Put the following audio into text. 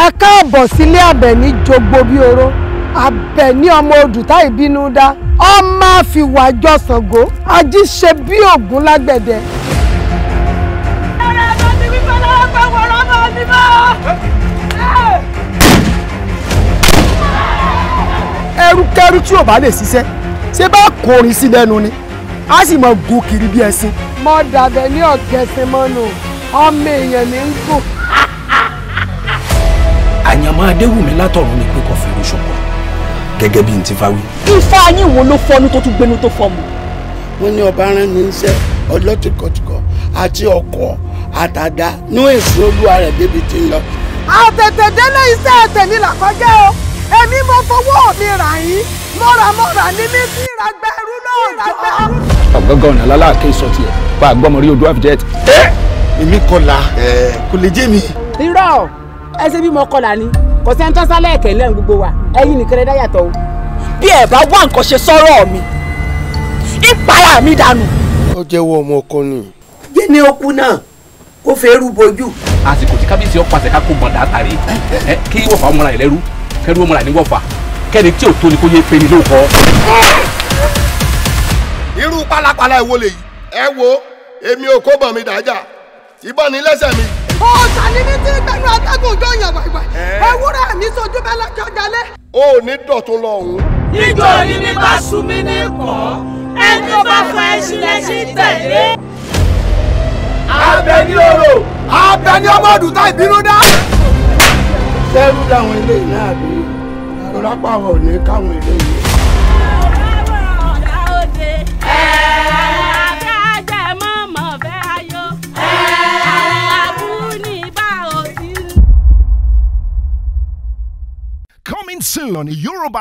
ẹka ọbọ sílé àbẹ̀ní jogbo bí oró àbẹ̀ní ọmọ òdùtá ìbínú dá ọmọ àfiwà jọ Ṣàngó ají ṣe bí ògún lágbẹ̀dẹ. ẹ̀rọ ẹ̀rọ ti wípé tí ò bá lè ṣiṣẹ́ ṣé bá kọrin sí lẹ́nu ni a sì mọ gun kiri bí ẹṣin. mo dàbẹ̀ ní ọ̀gẹ̀sìn mọ́nu ọmọ èèyàn ní ń gùn. màmá adéwùmí látọ̀run ni pé kò fi irun ṣọ̀pọ̀ gẹ́gẹ́ bí n ti fa wí. ifá yín wo ló fọnú tó tún gbénú tó fọmù. wọ́n ní ọba rán ní iṣẹ́ ọlọ́tìkọ̀tìkọ̀ àti ọkọ̀ àtàdá ní èsì olúwa rẹ̀ débi ti lọ. àtẹ̀tẹ̀ délé iṣẹ́ tèmi là o èmi mo fowó mi rà yín mọ́ramọ́ra ní mi sí ìragbẹ́rú náà ìragbẹ́rú. ọ̀gọ́gọ́ ọ̀nà aláàkè sọ tiẹ̀ bá a gbọ́mọ rí odò àfijẹ́ ti. ẹ èmi kọlà kò lè jẹ́ mi. irọ́ ẹ ṣe bí mo kọlà ni kò sẹ́ni tó sálẹ̀ ẹ̀kẹ́ lẹ́nu gbogbo wa ẹ̀yin nìkan lè dá yàtọ̀ o. bí ẹ bá wá nǹkan ṣe sọ́rọ̀ mi ìpara mi dànù. ó jẹ́wọ́ ọmọ ọkọ ni. yé ni ó kú náà kó fẹ́ rú bojú. àsìkò tí kábíyèsí ọ pàṣẹ ká kó mọ̀ dáta rè é kí wọ́fà ọmọ rẹ̀ lẹ́rú kẹ́rú ọmọ rẹ̀ ní wọ́fà kẹ́ni tí ò tó ni kó yé pe ni ló kọ́. irú pálapàla ẹ̀ wo lèyí ẹ wo èmi ò kó bọ̀ mi dájà ìbọn ní lẹ́sẹ̀ mi. ọ̀sà ni mi ti gbẹnu atẹ́gùn jọ yàn wàìwàì ewúrẹ́ mi sojú bẹ́ẹ̀ lọ́jọ́ jalè. ó ní dọ̀tún lọ òun. nítorí ní bá sun mi ní kọ́ ẹni bá fọ ẹṣin lẹ́sìn tẹ̀lé. abẹ ní oró abẹ ní ọmọ ọdún ìbínú dá. sẹ́rù dáwọn eléyìí náà bí rọlápá wọn ò ní káwọn eléyìí. soon on Yoruba.